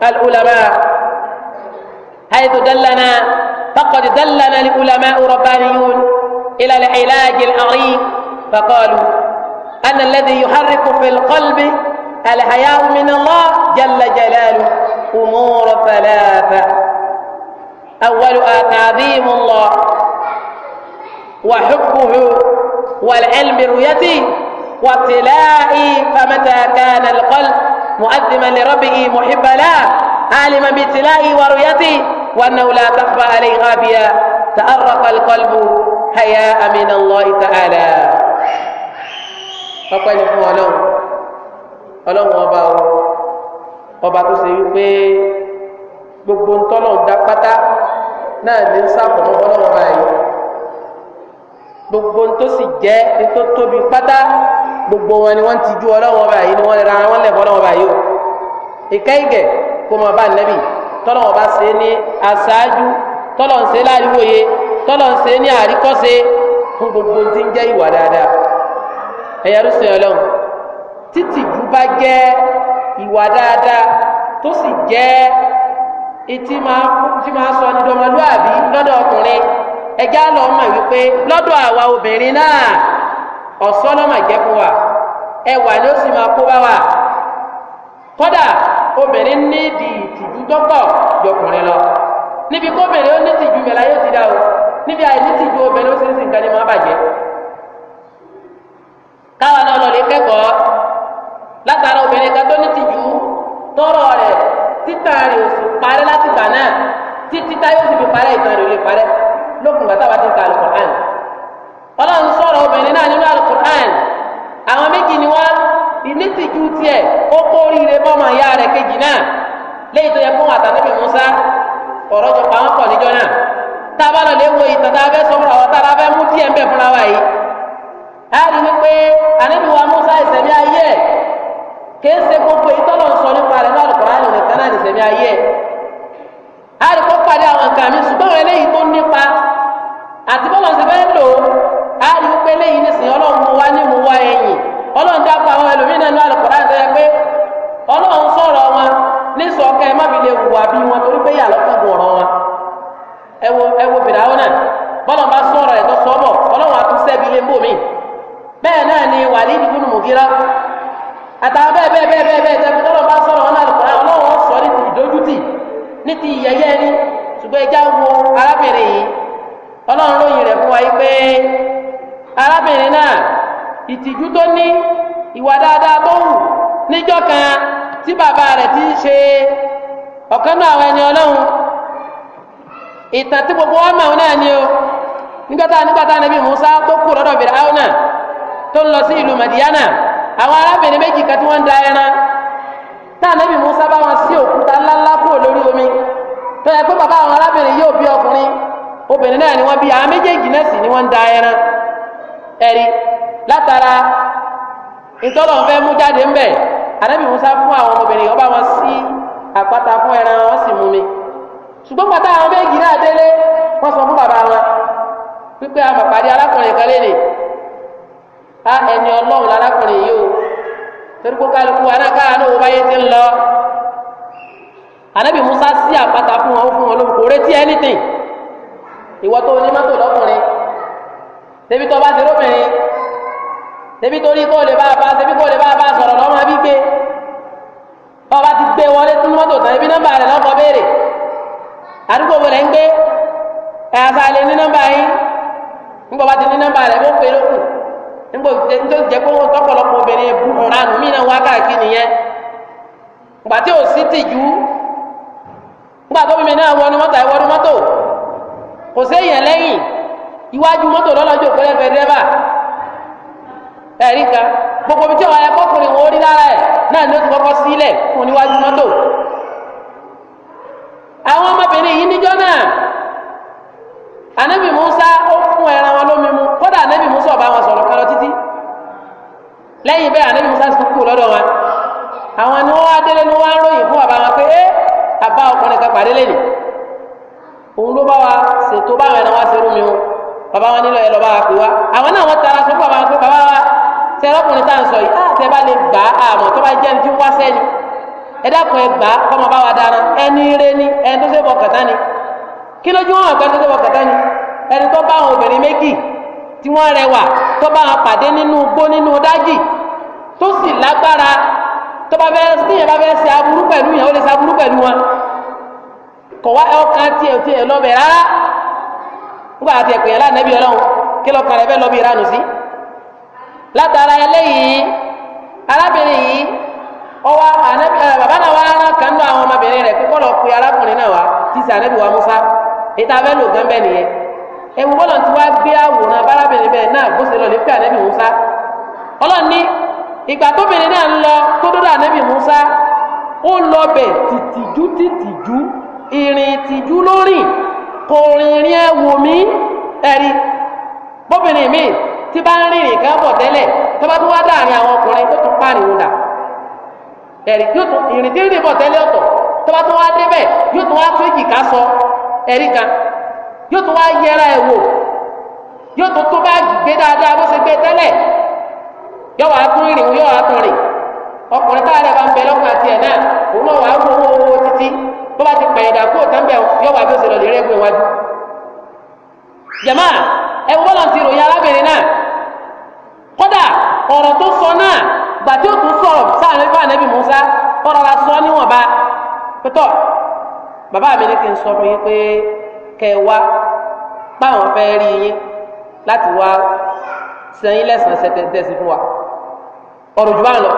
S1: العلماء حيث دلنا فقد دلنا العلماء ربانيون إلى العلاج العريق فقالوا أن الذي يحرك في القلب الحياء من الله جل جلاله أمور ثلاثة أولها تعظيم الله وحبه والعلم برؤيته وابتلائي فمتى كان القلب مؤذما لربه محبا له عالما بابتلائي ورؤيته وأنه لا تخفى عليه خافية تأرق القلب حياء من الله تعالى ọpẹ́ ni fún Ọlọ́run Ọlọ́run ọba o ọba tó ṣe wípé gbogbo ntọ́lọ́run dá pátá náà ní sáfọ̀mọ́ Ọlọ́run ọba yìí gbogbo ntó sì jẹ́ ntó tóbi pátá gbogbo wọn ni wọ́n ti ju Ọlọ́run ọba yìí ni wọ́n ra wọn lẹ̀ fún Ọlọ́run ọba yìí o ìkẹ́yìnkẹ́ kó máa bá nẹ́bí. tọ́lọ̀ ṣe ní aṣáájú tọ́lọ̀ ń ṣe láàríwòye
S2: tọ́lọ̀ ń ṣe
S1: fún gbogbo tí ń jẹ́ ìwà dáadáa ẹ̀yà ló sìn ọlọ́run ju bá jẹ ìwà tó sì jẹ etí máa sọ ní dọmọlúàbí lọ́dọ̀ ọkùnrin wa obìnrin ní di ìtìjú dọ́pọ̀ jọkùnrin lọ níbi kóbìnrin ó ní tìjú mẹ́la yóò ti dá o níbi àìní tìjú obìnrin ó sì ń sin nǹkan ní máa bàjẹ́ káwa náà lọ lè kẹ́kọ̀ọ́ látara obìnrin kan tó ní tìjú tọrọ rẹ̀ títà rẹ̀ ò sì parẹ́ láti gbà náà títí táyọ̀ sì fi parẹ́ ìtàn rẹ̀ ò lè parẹ́ lókùn bàtà wa ti ń ka alukur'an ọlọ́run sọ̀rọ̀ obìnrin náà nínú alukur'an àwọn méjì ni wọ́n onítìjú tiẹ̀ ó kó oríire bọ́mọ ìyá rẹ̀ kejì náà léyìí tó yẹ fún àtàlẹ́bí Musa ọ̀rọ̀ jọ pa wọ́n pọ̀ níjọ́ náà tá a bá lọ lè wo ìtàn tá a fẹ́ sọ wa tá a mú díẹ̀ ń fúnra wa yìí a rí i pé ànábì wa Musa ìsẹ̀mí ayé ẹ̀ kìí ṣe gbogbo ìtọ́lọ̀ ń sọ nípa rẹ̀ lọ́rùkọ́ láàrin nìkan náà ìsẹ̀mí ayé ẹ̀ a rí i kó pàdé àwọn nǹkan mi ṣùgbọ́n rẹ̀ léyìí tó nípa àti bọ́lọ̀ ṣe fẹ́ lò ó a rí i pé ọlọ́run mo wá ní mo wá ẹ̀yìn ọlọ́run dákọ̀ àwọn ẹlòmíín náà ní alùpùpù yẹ pé ọlọ́run sọ̀rọ̀ wọn ní sọ̀kẹ́ má fi lè wùwà bí wọn torí pé yàrá gùn ọ̀rọ̀ wọn ẹwọ ẹwọ bìrà wọn náà bọ́lọ̀n bá sọ̀rọ̀ ẹ̀ tó sọ bọ̀ ọlọ́run àtúnṣẹ́bi lé bẹ́ẹ̀ náà ni àtàwọn bẹ́ẹ̀ bẹ́ẹ̀ bẹ́ẹ̀ ìtìjú tó ní ìwà dáadáa tó hù níjọ́ kan tí bàbá rẹ̀ ti ń ṣe ọ̀kan náà àwọn ẹni ọlọ́run ìtàn tí gbogbo wọn màá náà ni o nígbàtà nígbàtà níbi Musa tó kú lọ́dọ̀ Fìráúnà tó ń lọ sí ìlú Màdíyánà àwọn arábìnrin méjì kan tí wọ́n ń da ẹran tá níbi Musa bá wọn sí òkúta ńláńlá kúrò lórí omi tó yẹ pé bàbá àwọn arábìnrin yóò bí ọkùnrin obìnrin náà ni wọ́n bí àwọn méjèèjì náà sì ni wọ́n ń da ẹran ẹ̀rí látara ìtọ́lọ̀ ń fẹ́ mú jáde ń bẹ̀ ànábì musa fún àwọn ọmọbìnrin ọba wọn sí àpáta fún ẹran wọn sì mú mi ṣùgbọ́n pátá àwọn méjì náà délé wọ́n sọ fún bàbá wọn
S2: pípẹ́ àmàpàdé alákùnrin kan lé ní a ẹni ọlọ́run lálákùnrin yìí o
S1: torí kó kálukú anáká náà wọ́n báyé ti ń lọ ànábì musa sí àpáta fún wọn ó fún wọn lóhùn kò retí anything ìwọ tó ní mọ́tò lọ́kùnrin débi tó bá ti róbìnrin ṣebí torí kó lè bá a bá ṣebí kó lè bá a bá sọ̀rọ̀ lọ́mọ bí gbé bàbá ti gbé wọlé tó mọ́tò tán ibi nọ́mbà rẹ̀ lọ́kọ̀ béèrè àdúgbò wọlé ń gbé ẹ̀ àṣà lè ní nọ́mbà yín nígbà bá ti ní nọ́mbà rẹ̀ bó pè lókù nígbà tó jẹ́ pé wọ́n tọ́pọ̀lọpọ̀ obìnrin bu ọ̀rá nù mí náà wá káàkiri yẹn ìgbà tí ò sí ti jù ú nígbà tó mímí náà wọnú mọ́tò àìwọ́nú mọ́tò kò séèyàn lẹ́yìn iwájú mọ́tò lọ́lọ́jọ́ òpó ẹ̀rí kan gbogbo ibi tí ọ̀rọ̀ ẹ̀ kọ́kùnrin wọn ó rí lára ẹ̀ náà ni ó ti kọ́kọ́ sílẹ̀ fún níwájú mọ́tò àwọn ọmọbìnrin yìí níjọ́ náà
S2: anabi musa ó fún ẹran wọn lómi mu kódà anabi musa ọba wọn sọ̀rọ̀ kan lọ títí
S1: lẹ́yìn bẹ́ẹ̀ anabi musa ti kú lọ́dọ̀ wọn àwọn ni wọn wá délé ni wọn ròyìn fún bàbá wọn pé ẹ àbá ọkùnrin kan pàdé lẹ́yìn òun ló bá wa ṣètò báwọn ẹran wa ṣe rú mi mu bàbá wọn nílò ẹ lọ bá wa pè wá àwọn náà wọn tara sọ fún bàbá wọn pé bàbá wa sẹrọkùnrin tá à ń sọ yìí àtẹ ah, bá lè gbà á àmọ́ tó bá jẹ ti wá sẹni ẹ dákun ẹ gbà á kọ́ bá wa dára ẹni ire ni ẹni tó ṣe bọ kàtá ni kí lójú wọn àgbà tó ṣe bọ kàtá ni ẹni tó bá àwọn obìnrin méjì tí wọn rẹwà tó bá wọn pàdé nínú gbó nínú dájì tó sì lágbára tó bá fẹ́ tíyẹn bá fẹ́ ṣe aburú pẹ̀lú yẹn ó lè ṣe aburú pẹ̀lú wọn kọ̀ wá ọkàn tiẹ̀ tiẹ̀ lọ́bẹ̀ rárá nígbà àti ẹ̀pẹ̀ yẹn lánàbí ọlọ́run kí lọ́ọ́ kan rẹ̀ bẹ́ẹ̀ lọ́ọ́ bí ìranù sí. látara eléyìí arábìnrin yìí ọwọ́ ànábì bàbá náà wá rán kan nínú àwọn ọmọbìnrin rẹ̀ kókó lọ́ọ́ pe arákùnrin náà wá tí sẹ́ ànábì wa Musa ètò abẹ́ lò gán bẹ́ẹ̀ nìyẹn. ewu bọ́lọ̀ ti wá gbé àwòrán bárábìnrin bẹ́ẹ̀ náà bó ṣe lọ lè pe ànábì Musa ọlọ́ọ̀ni ìgbà tóbìnrin náà ń lọ tó dúró ànábì Musa kò rìnrìn ẹ̀wò mi ẹ̀rí bóbìnrin mi tí bá ń rìnrìn kan bọ̀ tẹ́lẹ̀ tó bá tún wá dáàrin àwọn ọkùnrin tó tún pariwo dà ẹ̀rí yóò tún ìrìn tí ń rìn bọ̀ tẹ́lẹ̀ ọ̀tọ̀ tó bá tún wá débẹ̀ yóò tún wá tún èjìká sọ ẹ̀rí kan yóò tún wá yẹra ẹ̀ yóò tún tó báàgì gbé dáadáa bó ṣe gbé tẹ́lẹ̀ yóò wá tún rìn yóò wá tún rìn ọkùnrin táà rẹ̀ bá ń bẹ lọ́kàn àti ẹ̀ náà òun náà wà á wọ owó owó títí bó bá ti pẹ̀yìn dà kó tán bẹ̀ yọ wà bí ó ṣe lọ lè rẹ́gbẹ̀ wájú. jẹ̀má ẹ wọ́n lọ ti ròyìn arábìnrin náà kódà ọ̀rọ̀ tó sọ náà gbà tí ó tún sọ̀rọ̀ sáà nípa ànábì Musa ọ̀rọ̀ la sọ níwọ̀nba pẹ̀tọ́ bàbá mi ní kí n sọ fún yín pé kẹ́ ẹ wá báwọn fẹ́ rí yín láti wá sẹ́yìn lẹ́sàn-án sẹ́tẹ̀ẹ́sì fún wa ọ̀rọ̀ jù bá ń lọ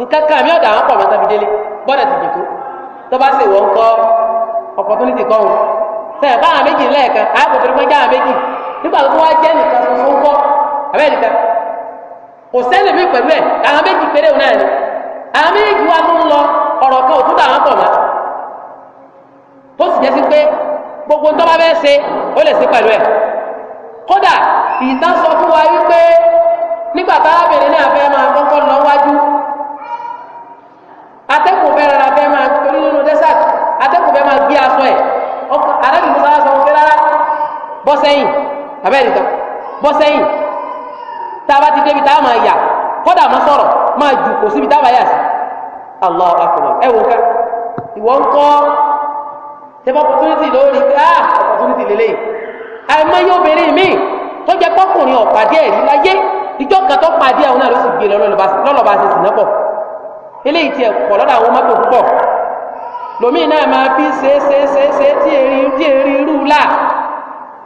S1: nǹkan kan mi ọ̀dà àwọn pọ̀ mọ́tò fi délé bọ́dà ti gbètò tó bá sì wọ́n kọ́ opportunity kọ́ wọn sẹ́yìn fáwọn méjì lẹ́ẹ̀kan àyàpọ̀ tó ní pọ́njá àwọn méjì nígbà tó wá jẹ́ nìkan ṣoṣo ń kọ́ àbẹ́ nìkan kò sẹ́lẹ̀ mi pẹ̀lú ẹ̀ àwọn méjì péré wọn náà ni àwọn méjì wa tó ń lọ ọ̀rọ̀ kan òtún dàwọn pọ̀ mọ́ tó sì jẹ́ sí pé gbogbo tó bá fẹ́ ṣe ó lè ṣe pẹ̀lú ẹ̀ kódà ìtàn sọ fún wa wípé nígbà táwọn obìnrin náà fẹ́ máa kọ́kọ́ lọ wájú atẹ́kùn fẹ́ rárá fẹ́ máa torí nínú desert atẹ́kùn fẹ́ máa gbé aṣọ ẹ̀ ọkọ arábìnrin musa aṣọ wọn fẹ́ rárá bọ́ sẹ́yìn abẹ́rẹ́ nìkan bọ́ sẹ́yìn tá a bá ti débi tá a máa yà kọ́dà máa sọ̀rọ̀ máa jù kò síbi tá a bá yà sí allah akọ̀rọ̀ ẹ wò ká ìwọ ń kọ́ tẹ́fọ́ opportunity lórí ah opportunity lélẹ́yìn àìmọ́ yóò bèrè mí tó jẹ́ pọ́kùnrin ọ̀pàdé ẹ̀rí láyé ìjọ́ kan tó pàdé àwọn náà ló sì gbé lọ́lọ́ba sí sí náà eléyìí tiẹ̀ pọ̀ lọ́dọ̀ àwọn mọ́tò púpọ̀ lómìn náà máa bí ṣe ṣe ṣe ṣe tí èrí tí èrí irú là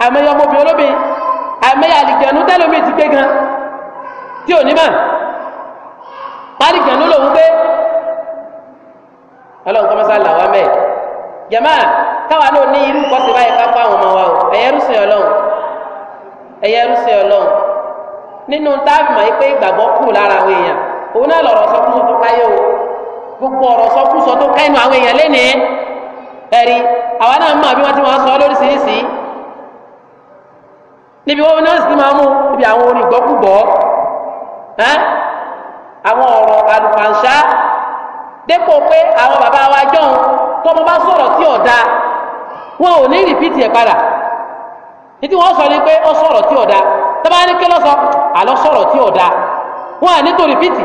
S1: àmẹyẹ ọmọbìnrin olóbìn àmẹyẹ àlìjẹnu tẹlómi ti gbé gan tí ò ní mà pálíjẹnu lòún gbé Ọlọ́run kọ́ mọ́sá làwọn mẹ́ẹ̀ jama táwa náà ní irú kọ́sí báyìí ká fún àwọn ọmọ wa o ẹ̀yẹ rúṣin Ọlọ́run ẹ̀yẹ rúṣin Ọlọ́run nínú táàbù mọ̀ yìí pé ìgbàgbọ́ kù lára àwọn èèyàn òun náà lọ̀rọ̀ sọkúsọ tó káyé o gbogbo ọ̀rọ̀ sọkúsọ tó káyé nu àwọn èèyàn lénìí ẹ̀rí
S2: àwa náà mọ̀ bí wọ́n ti máa sọ lóríṣiríṣi
S1: níbi wọn náà sì máa mú níbi àwọn orin gbọ́kúgbọ́ àwọn ọ̀rọ̀ àlùfànṣá dépò pé àwọn bàbá wa jọ̀hún tọ́mọ bá sọ̀rọ̀ tí ò dáa wọn ò ní rìpíìtì ẹ̀ padà títí wọn sọ ni pé ó sọ̀rọ̀ tí ò dáa tọ́ba ní kí ló sọ àlọ́ sọ̀rọ̀ tí ò dáa wọn à ní tó rìpíìtì.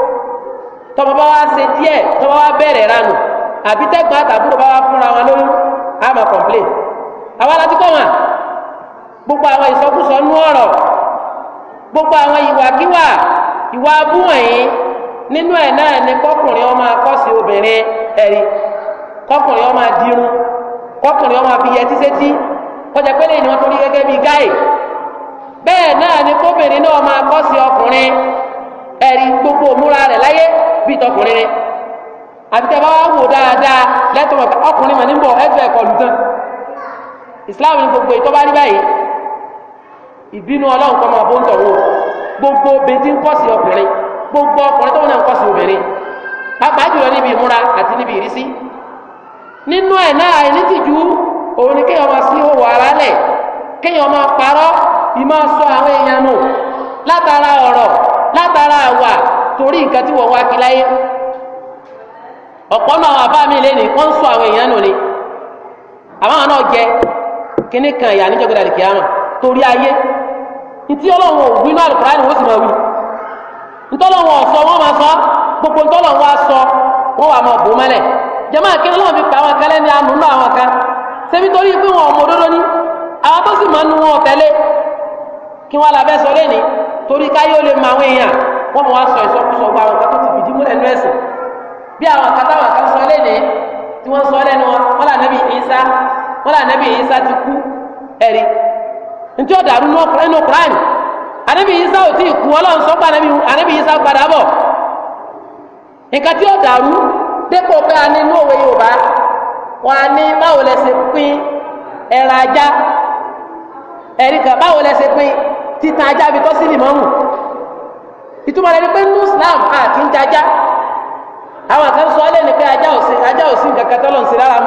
S1: tọmọ bá wá se díẹ̀ tọmọ bẹ̀rẹ̀ ránù àbí àtàbúrò bá fúnra wọn lórí ma kọ̀m̀plé àwa la ti kọ́ wọn gbogbo àwọn ìsọkúsọ nú ọ̀rọ̀ gbogbo àwọn ìwàkiwà ìwà abú nínú ẹ̀ náà ni kọkùnrin ọmọ akọ́sí obìnrin ẹ̀rí kọkùnrin ọmọ adirun kọkùnrin ọmọ kọjá gáì bẹ́ẹ̀ náà ni kóbìnrin náà ọmọ akọ́sí ọkùnrin ẹ̀rí gbogbo òmúra rẹ̀ láyé bíi tọkùnrin ni àti tẹ́ bá wá wò dáadáa lẹ́tọ̀ọ́ ọkùnrin mà níbọ̀ ẹ̀fẹ̀ kọlù tán Islam ní gbogbo ìtọ́ bá rí báyìí ìbínú Ọlọ́run kọ́ máa bó ń tọ̀wọ́ gbogbo bèntí ń kọ́ sí ọkùnrin gbogbo ọkùnrin tó ń náà ń kọ́ sí obìnrin pàápàá jùlọ níbi ìmúra àti níbi ìrísí nínú ẹ̀ náà ẹni tìjú òun ni kéèyàn máa sí òwò ara lẹ̀ kéèyàn máa parọ́ ì máa sọ àwọn èèyàn nù látara ọ̀rọ̀ látara àwà torí nǹkan tí wọ́n wá kí láyé ọ̀pọ̀ náà àbá mi lé ní wọ́n ń sọ àwọn èèyàn nù ni àbáwọn náà jẹ kíní kan ìyá níjọ́ gbọdọ̀ kìí àmọ̀ torí ayé ntí ọlọ́run òwú inú àlùkùrá ni wọ́n sì máa wí ntọ́lọ́run ọ̀sọ́ wọ́n máa sọ gbogbo ntọ́lọ́run wá sọ wọ́n wà máa bò jẹ́mọ́ ọlọ́run fi pa àwọn àánú náà àwọn kan torí pé wọn ò òdodo torí káyé ó lè mọ àwọn èèyàn wọ́n mọ̀ wá sọ ìsọkúsọ gba àwọn ti fìdí múlẹ̀ nú ẹ̀sìn bí àwọn kan táwọn kan sọ lẹ́nu tí wọ́n sọ lẹ́nu wọn wọ́n là nẹ́bí wọ́n là nẹ́bí ti kú ẹ̀rí ntí ó dàrú nínú ànẹ́bí ò tí ì kú Ọlọ́run sọ pé ànẹ́bí padà bọ̀ nǹkan tí ó dàrú dépò pé a ní inú òwe Yorùbá títa ajá bi tọ́ sí lìmọ́mù ìtumọ̀ rẹ̀ ni pé nínú Islam àti ń jajá àwọn kan sọ ọ́ lẹ́nu pé ajá òsì ajá òsì nǹkan kan tọ́lọ̀ ń sí lára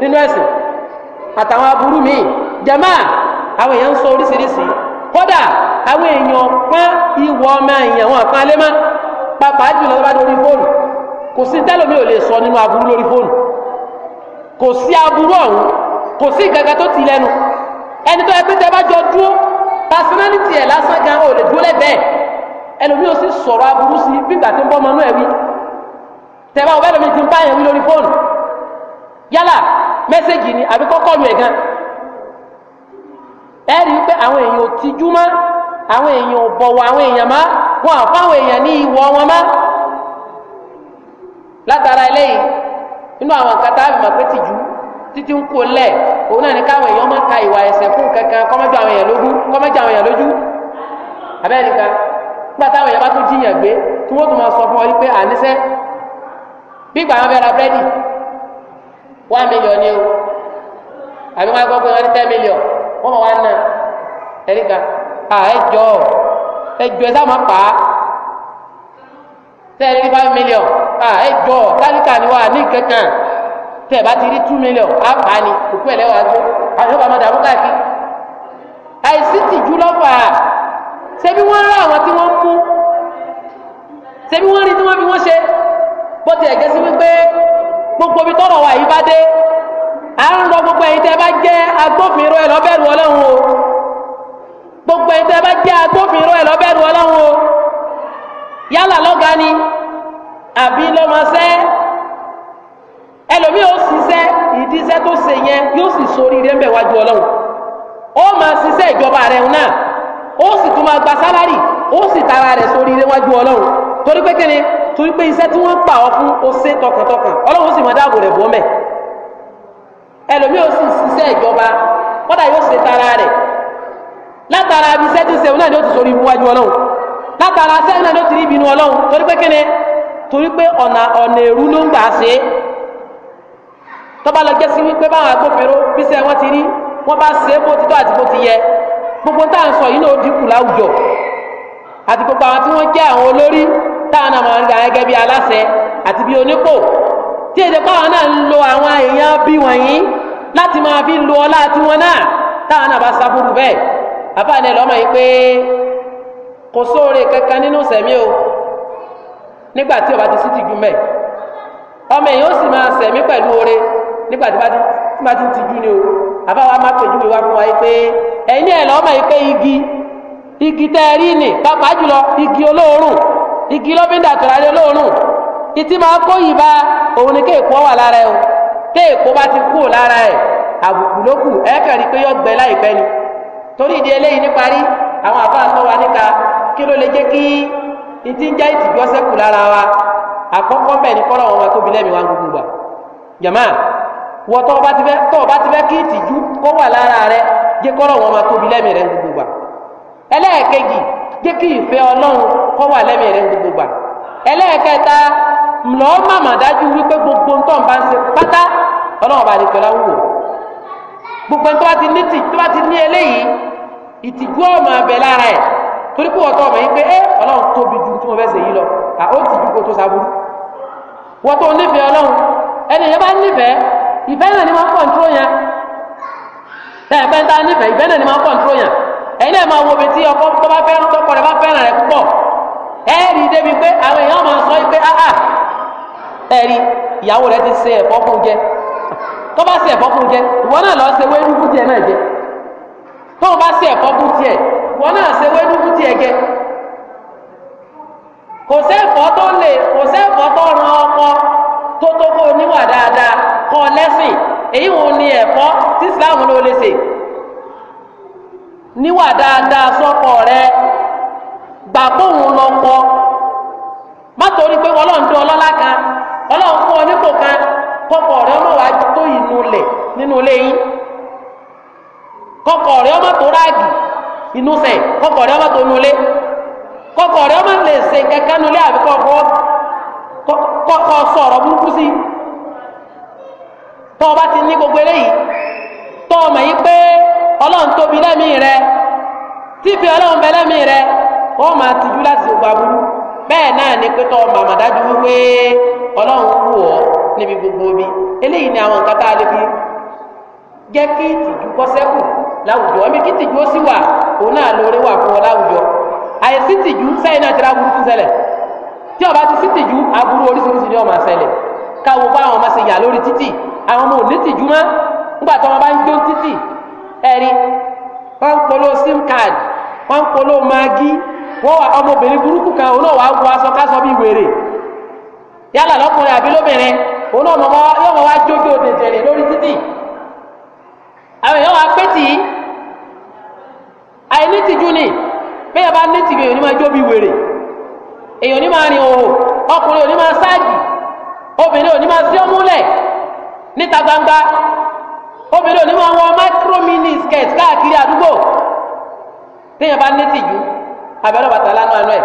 S1: nínú ẹ̀sìn àtàwọn aburú mi jama àwọn èèyàn ń sọ oríṣiríṣi kódà àwọn èèyàn pọ́n ìwọ ọmọ èèyàn wọn kan lé mọ́ pàápàá jùlọ bá lórí fóònù kò sí tẹ́lómi ò lè sọ nínú aburú lórí fóònù kò sí aburú ọ̀hún kò sí ìgàgà tó ti lẹ́nu ẹni tó yẹ pé tẹ́ bá jọ dúró personality ẹ̀ lásán gan ò lè dúró lẹ́bẹ̀ẹ́ ẹlòmíì ó sì sọ̀rọ̀ aburú sí bígbà tí ń bọ́ ọmọ ti ń bá yẹn wí lórí yálà ni àbí kọ́kọ́ lu ẹ̀ pé àwọn èèyàn ò tijú àwọn èèyàn ò wọn àwọn èèyàn ní ìwọ wọn má látara eléyìí àwọn títí ń kó lẹ̀ òun náà ní ka ìwà ẹ̀ṣẹ̀ fún kankan kọ́mọ́jọ àwọn èèyàn lójú kọ́mọ́jọ àwọn èèyàn lójú abẹ́rẹ́ nìkan nígbà táwọn èèyàn bá tún jiyàn gbé tí wọ́n tún máa sọ fún ọ bí ìgbà wọn fẹ́ ra búrẹ́dì one million ni o àbí wọn gbọ́ pé wọ́n ní ten million wọ́n mọ̀ wá ń nà ẹ̀rí kan à ẹjọ́ ẹjọ́ ẹ sáà máa pa á tẹ́lẹ̀ ní five million à ẹjọ́ tálíkà ni wà ní kankan tẹ̀ bá ti rí two million á pa á ní òkú ẹ̀ lẹ́wọ̀n àjọ àjọ bàmọ́ dàbọ̀ káàkiri àìsí tìjú lọ́fà ṣebí wọ́n rán àwọn tí wọ́n mú ṣebí wọ́n rí tí wọ́n fi wọ́n ṣe bó ti ẹ̀gẹ́ sí wípé gbogbo ibi tọ́rọ̀ wà yìí bá dé à ń lọ gbogbo ẹ̀yin tẹ́ bá jẹ́ agbófinró ẹ̀ lọ́bẹ̀rù ọlọ́run o gbogbo ẹ̀yin tẹ́ bá jẹ́ agbófinró ẹ̀ lọ́bẹ̀rù ọlọ́run o yálà lọ́gàá ni àbí lọ́mọṣẹ́ ẹlòmí yóò ṣiṣẹ́ ìdíṣẹ́ tó ṣe yẹn yóò sì sórí rẹ̀ mbẹ̀ wájú ọlọ́run ó máa ṣiṣẹ́ ìjọba rẹ̀ náà ó sì tún máa gba sálárì ó sì tara rẹ̀ sórí rẹ̀ wájú ọlọ́run torí pé kíni torí pé iṣẹ́ tí wọ́n pa ọ fún ó ṣe tọkàntọkàn ọlọ́run ó sì máa dáàbò rẹ̀ bọ́ mẹ́ ẹlòmí yóò sì ṣiṣẹ́ ìjọba tara rẹ̀ látara iṣẹ́ tí ṣe náà ni ó ti sórí wájú ọlọ́run látara iṣẹ́ torí pé torí pé ọ̀nà ọ̀nà èrú ló ń gbà ṣe tọ́ba lọ jẹ́ sí wípé báwọn agbófinró bíṣẹ́ wọn ti rí wọ́n bá ṣe é bó ti tọ́ àti bó ti yẹ gbogbo táà ń sọ yìí náà dínkù láwùjọ àti gbogbo àwọn tí wọ́n jẹ́ àwọn olórí táwọn náà máa ń ga gẹ́gẹ́ bí aláṣẹ àti bí onípò tí èdè pàwọn náà ń lo àwọn èèyàn bí wọ̀nyí láti máa fi lo ọlá tiwọn náà táwọn náà bá sábúrú bẹ́ẹ̀ àbáni ẹlọ́mọ yìí pé kò sóore kankan nínú sẹ̀mí o nígbà tí ọba ti sí ti gùn ọmọ èèyàn ó sì máa sẹ̀mí pẹ̀lú oore nígbà tí bá ti ń ni o àbáwá má pèjú mi wá fún wa yìí pé ẹ̀yin ẹ̀ lọ́mọ yìí pé igi igi tẹ́ ẹ rí nì jùlọ igi olóòórùn igi lọ́bíńdà tòlárẹ́ olóòórùn ìtì máa kó òun ni kéèkó wà lára ẹ o kéèkó bá ti kú lára ẹ àbùkù ló kù ẹ pé ni torí ìdí eléyìí ní parí àwọn wa níka kí ló lè kí ń já wa ni wọ́n tọ́ ọba ti fẹ́ tọ́ ọba ti fẹ́ kí ìtìjú kó wà lára rẹ jẹ́ kọ́rọ̀ wọn máa tóbi lẹ́mìí rẹ gbogbo gbà ẹlẹ́ẹ̀kejì jẹ́ kí ìfẹ́ ọlọ́run kó wà lẹ́mìí rẹ gbogbo gbà ẹlẹ́ẹ̀kẹta lọ́ọ́ màmá dájú wípé gbogbo ntọ́ nbà ń ṣe pátá ọlọ́run bá lè pẹ̀lú awúwo gbogbo ntọ́ bá ti ní tì tó bá ti ní eléyìí ìtìjú ọmọ abẹ lára ẹ̀ torí pé wọ́n ọmọ yìí pé ẹ ọlọ́run tóbi ju tí mo fẹ́ ṣe yìí lọ à ó tìjú kó tó sábúrú wọ́n nífẹ̀ẹ́ ọlọ́run ẹni yẹn bá nífẹ̀ẹ́ ìfẹ́ náà ni máa ń kọ̀ǹtró yẹn ẹ̀fẹ́ ta nífẹ̀ẹ́ ìfẹ́ náà ni máa ń kọ̀ǹtró yẹn ẹ̀yin náà máa wo bẹ́tí ọkọ tó bá fẹ́ràn tọkọ rẹ̀ bá fẹ́ràn rẹ̀ púpọ̀ ẹ̀ẹ́rì débi pé àwọn èèyàn máa sọ pé áhà ah, ah. ẹ̀rí ìyàwó rẹ̀ ti ṣe ẹ̀fọ́ fún jẹ tó bá ṣe ẹ̀fọ́ fún jẹ ìwọ náà lọ ṣe wẹ́rú fún tiẹ̀ náà jẹ tó o bá ṣe ẹ̀fọ́ fún tiẹ̀ ìwọ náà ṣe wẹ́rú fún tiẹ̀ jẹ kò sẹ́fọ́ tó lè kò sẹ́fọ́ tó ran ọkọ tó tó kó oníwà dáadáa kọ́ lẹ́sìn èyí wọn ni ẹ̀kọ́ tí islam ló lè ṣe níwà dáadáa sọ́kọ rẹ gbà bóun lọ kọ má torí pé ọlọ́run tó ọlọ́lá kan ọlọ́run fún ọ kan kọkọ rẹ ọmọ wa tó ìnú lẹ̀ nínú ilé kọkọ rẹ ọmọ tó ráàgì inú kọkọ rẹ ọmọ tó kọkọ rẹ ọmọ lè kẹkẹ kọ́kọ́ sọ̀rọ̀ burúkú sí tọ́ ọba ti ní gbogbo eléyìí tọ́ ọmọ yìí pé ọlọ́run tóbi lẹ́mìí rẹ tíbi ọlọ́run bẹ lẹ́mìí rẹ wọ́n máa tìjú láti gbogbo aburú bẹ́ẹ̀ náà ni pé tọ́ ọmọ wípé ọlọ́run gbogbo omi eléyìí ni àwọn nǹkan tá a lè fi jẹ́ kí kọ́ sẹ́kù láwùjọ ẹ̀mí kí ó tí ọba ti aburú oríṣiríṣi ọmọ káwọn bá àwọn ọmọ ṣe yà lórí títì àwọn ọmọ òní tìjú mọ́ nígbà tí wọ́n bá ń jó títì ẹ̀rí wọ́n polo sim card wọ́n polo magi wọ́n wà ọmọbìnrin burúkú kan òun náà wọ aṣọ káṣọ bíi wèrè yálà lọ́kùnrin àbí lóbìnrin òun náà yóò wá jójó dèjèrè lórí títì àwọn èèyàn ni bá ní tìjú ni jó wèrè. èyàn ní máa rìn o ọkùnrin ò ní máa ṣáàjì obìnrin ò ní máa sí ọmúlẹ̀ níta gbangba obìnrin ò ní máa wọ micro skirt káàkiri àdúgbò téèyàn bá ní àbẹ̀rẹ̀ bàtà lánàá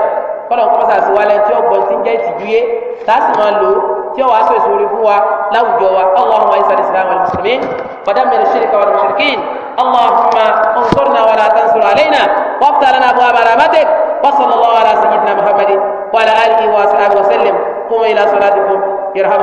S1: kọ́lọ̀ ń kọ́sà sí wa lẹ́yìn tí ó gbọ́n tí ń jẹ́ ìtìjú yé tààsì máa lò tí ó wàá sọ èso orí fún wa láwùjọ wa allahumma isa'il islam wal muslimin wa dammir shirka wal mushrikin allahumma ansurna wa la tansur alaina وافتح
S2: لنا ابواب رحمتك وصلى الله على سيدنا محمد وعلى اله وصحبه وسلم قوموا الى صلاتكم يرحم